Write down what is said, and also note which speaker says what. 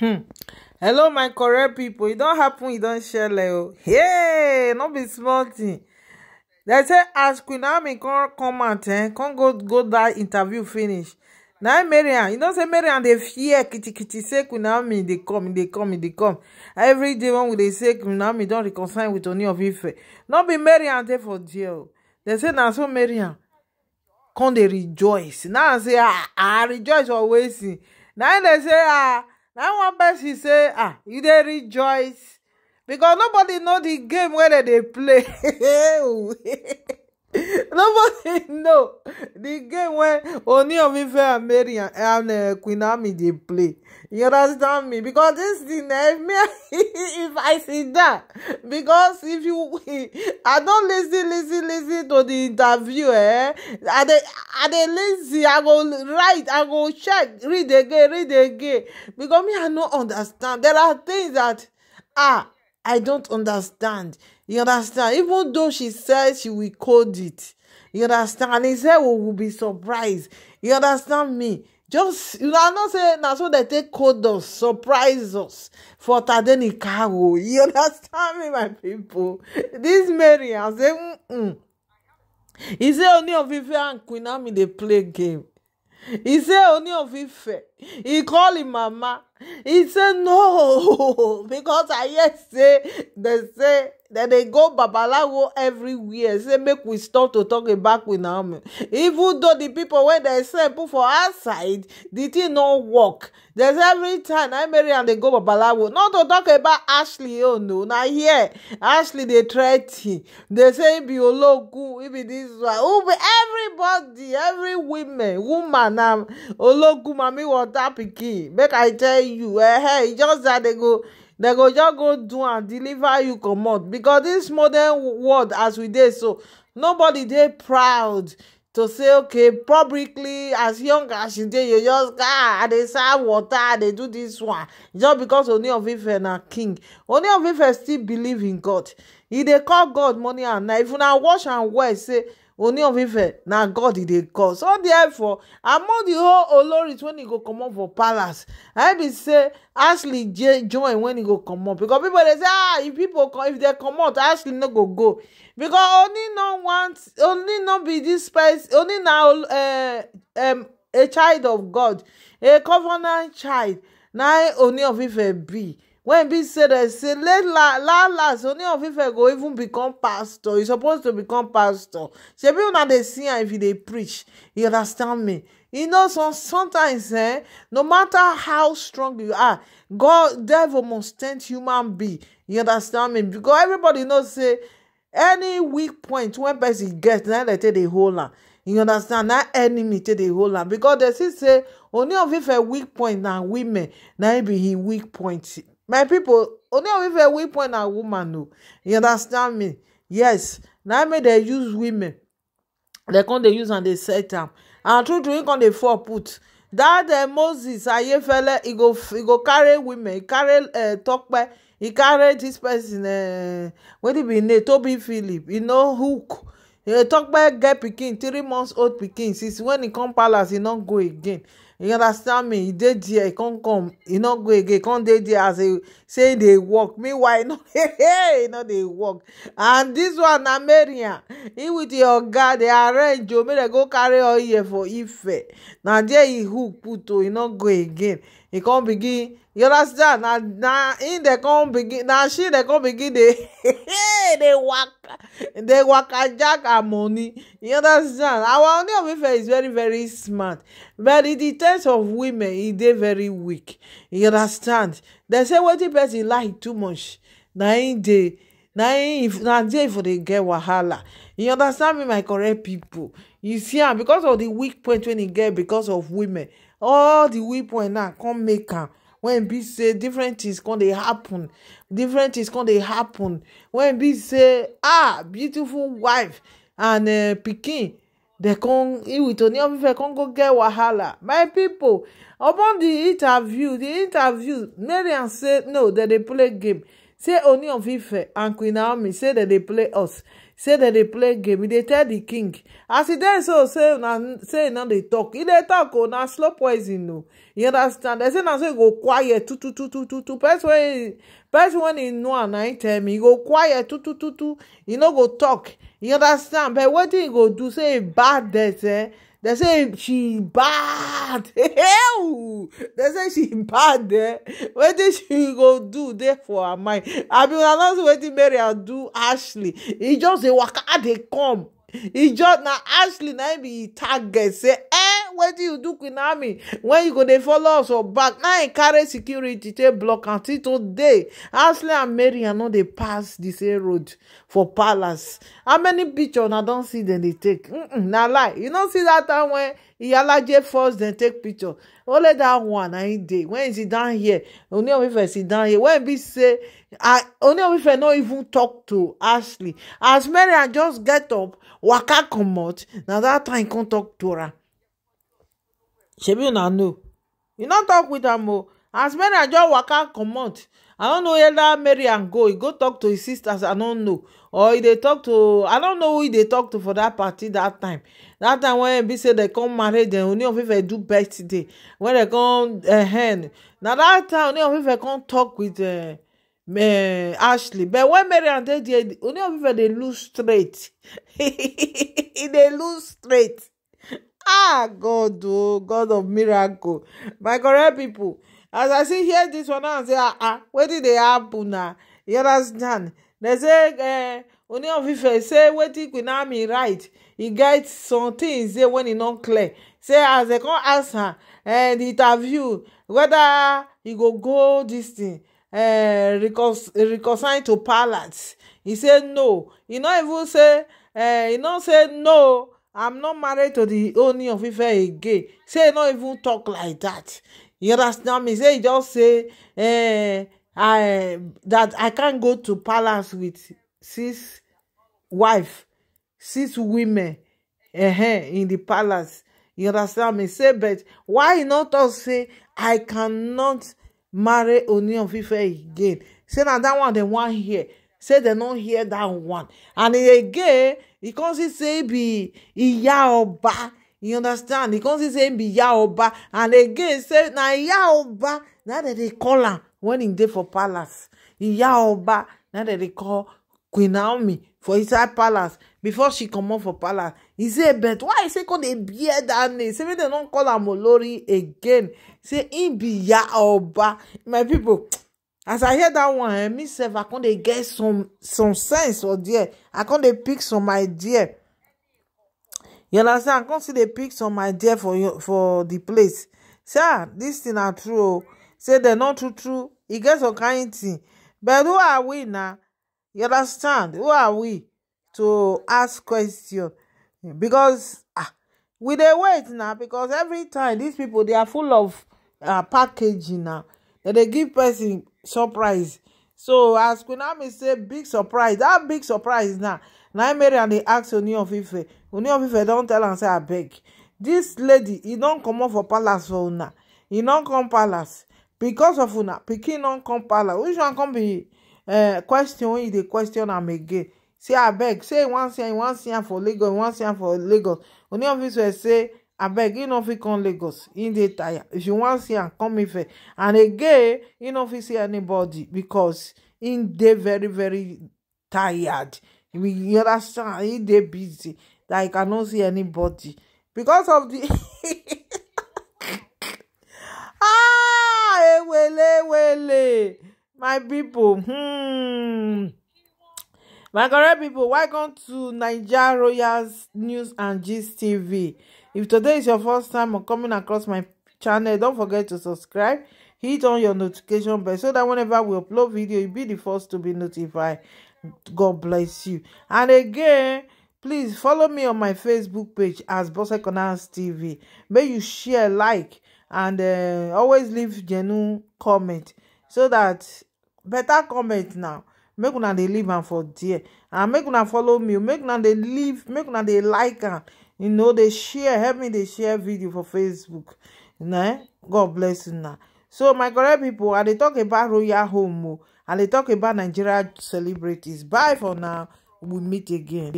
Speaker 1: hmm hello my correct people. e don't happen e don shele o Yeah, not be small thing. They say as queen army come come out eh come go go that interview finish Now, marian you don't say marian they fear kitikiti say queen army they come they come they come every day when they dey say queen army don't reconcile with only of ife Not be marian dey for jail They say now so marian come they rejoice now say ah ah rejoice always Now they say ah Now one person say ah you dey rejoice because nobody know the game where they play nobody know the game wey only of ife and mary and uh, queen ami they play You understand me? Because this thing, eh, if I see that because if you, I don't listen, listen, listen to the interview, eh? I dey, I dey listen, I go write, I go check, read again, read again. Because me, I don't understand. There are things that, ah, I don't understand. You understand? Even though she said she will code it. You understand? And he said, we will be surprised. You understand me? just you know i know say na so they take code us surprise us for tadenikawo you understand me my people. This mary i say mm e say oni of ife and queen ami dey play game He say only of ife He called him mama. He said no because I hear say they say that they go babalawo everywhere. Say make we stop to talk about with Naomi. Even though the people when they say put for outside, the thing not work. There's every time I marry and they go babalawo. Not to talk about Ashley, oh no. Now here, Ashley they threaten. They say be ologu, if it is right. Everybody, every woman, woman, um, ologu, mommy, what dat pikin make i tell you eh hey just that they go they go just go do and deliver you comot Because this modern world as we dey so nobody dey proud to say okay publicly as young as you dey you just ah i dey serve water i dey do this one just because oni of ife na king oni of ife still believe in god e dey call god money and na if una wash am well say oni of ife na god e dey call so therefore among the whole oloris wen e go comot for palace i be say ashley join wen e go comot because people dey say ah if pipo if dem comot ashley no go go because oni no want oni no be dis person oni na um, a child of god a covenant child na oni of ife be when be said i say let la la last only of ife go even become pastor you supposed to become pastor shebi una dey see if you preach you understand me you know sometimes eh no matter how strong you are god devil must tempt human be. you understand me because everybody knows say any weak point when person get na they take dey hold am you understand that enemy take dey hold am because they see say only of a weak point na women na be weak point my people, only of ife weak point na woman No, you understand me yes Now, im they use women They come they use and they set them. and true true come they fall put That uh, moses ayefele he go he go carry women e carry uh, by, he carry this person uh, he be im name tobi philip You know hook talk eh, tokpe get pikin three months old pikin since when e come palace e no go again you understand me e dey there e come come e no go again e come dey there as a say e dey work meanwhile e no dey work and this one na maria He with di oga dey arrange o oh, make dem go carry all year for ife na there e hook put o oh, e no go again He come begin you understand na na him dey come begin na she dey come begin dey dey waka dey waka jack her money you understand our Ooni of is very very smart but in the terms of women e dey very weak you understand dem say wetin person like too much na him dey na if na there e for dey get wahala you understand me my correct people? you see am because of the weak point wey e get because of women all the di weapon now come make am wen e be say different things come dey happen different things come dey happen When e be say ah beautiful wife and eh, pikin dem come iwitoni e ofife come go get wahala my pipo upon di interview di interview mariam say no dem dey play game say oni of ife and queen naomi say dem dey play us say dem dey play game e dey tell di king as e dey so say say e no dey talk e dey tok o oh, na slow poison o oh. you understand dem say na so e go quiet tututututu person wey e know na im tell me e go quiet tutututu e no go talk. you understand but wetin e go do say e bad death eh They say she bad. they say she bad. Eh? did she go do there for her mind? I mean, I don't see Mary and do Ashley. He just dey waka they come. e just now ashley now be target say wetin you do queen army wen you go dey follow us for back now e carry security take block until today ashley and mary no dey pass the same road for palace how many picture una don see dem dey take na lie you no see that time wen iyalaje force dem take picture only that one na hin dey wen he sit down here oni of ife sit down here wen e be say oni of ife no even talk to ashley as mary just get up waka comot na dat time come talk to her shebi una know you no talk with am o as mary just waka comot i no know where that mary and go He go talk to his sisters i no know or he dey talk to i no know who he dey talk to for that party that time That time wen e be say dem come marry dem oni of ife do birthday when dem come eh, hen na that time oni of ife come talk with uh, uh, ashley but when mary and dey there oni of ife dey lose straight He dey lose straight ah god oh god of miracle my correct People, as i see hear this one now say ah ah wetin dey happen na you understand dem say eh oni of ife say wetin queen ami write e get some things say when e no clear say as dem come ask her eh di interview whether e go go this thing eh reconcile to palace e say no e no even say eh e no say no i'm not married to the only of Ife again say not even talk like that you understand me say just say eh, I, that i can't go to palace with six wife six women eh, huh in the palace you understand me say but why not no say i cannot marry only of Ife again say now that one the one here say they don't hear that one and again he come see say be iyaoba you understand He come see say be yaoba and again say na yaoba Now dem dey call am when im dey for palace yaoba Now dem dey call queen naomi for inside palace before she come comot for palace He say but why e say come dey bear dat name say make don't call am olori again say im be yaoba my people." as i hear that one eh me sef i con get some some sense or there i con pick some idea you understand i con still dey pick some idea for for the place say this thing na true o oh. say dem no true true It e gets a kind thing but who are we now? you understand who are we to ask question because ah we dey wait now. because every time these people, they are full of ah, packaging now. That they give person surprise so as queen naomi say big surprise that big surprise now Now mary and dey ask oni of ife oni of ife don tell and say abeg This lady e don comot for palace for una He don't come palace because of una pikin don't come palace which one come be eh, question wey you question am again say abeg say one wan One am for lagos One wan for lagos oni of ife say abeg e no fit come lagos e dey tire if you wan see am come ife eh. and again e no fit see anybody because e dey very very tired you understand e dey busy like i no see anybody because of the ah ewele wele my people. hmm my correct people, welcome to naija royals news and gist tv if today is your first time on coming across my channel don't forget to subscribe hit on your notification bell so that whenever we upload video you be the first to be notified god bless you and again please follow me on my facebook page as Bose Corners TV may you share like and uh, always leave genuine comment so that better comment now make una dey leave and for there and make una follow me make una dey leave make una dey like am you know they share help me they share video for facebook Nah, god bless you now. so my correct people, are they talk about royal home and oh. they talk about nigeria celebrities bye for now we meet again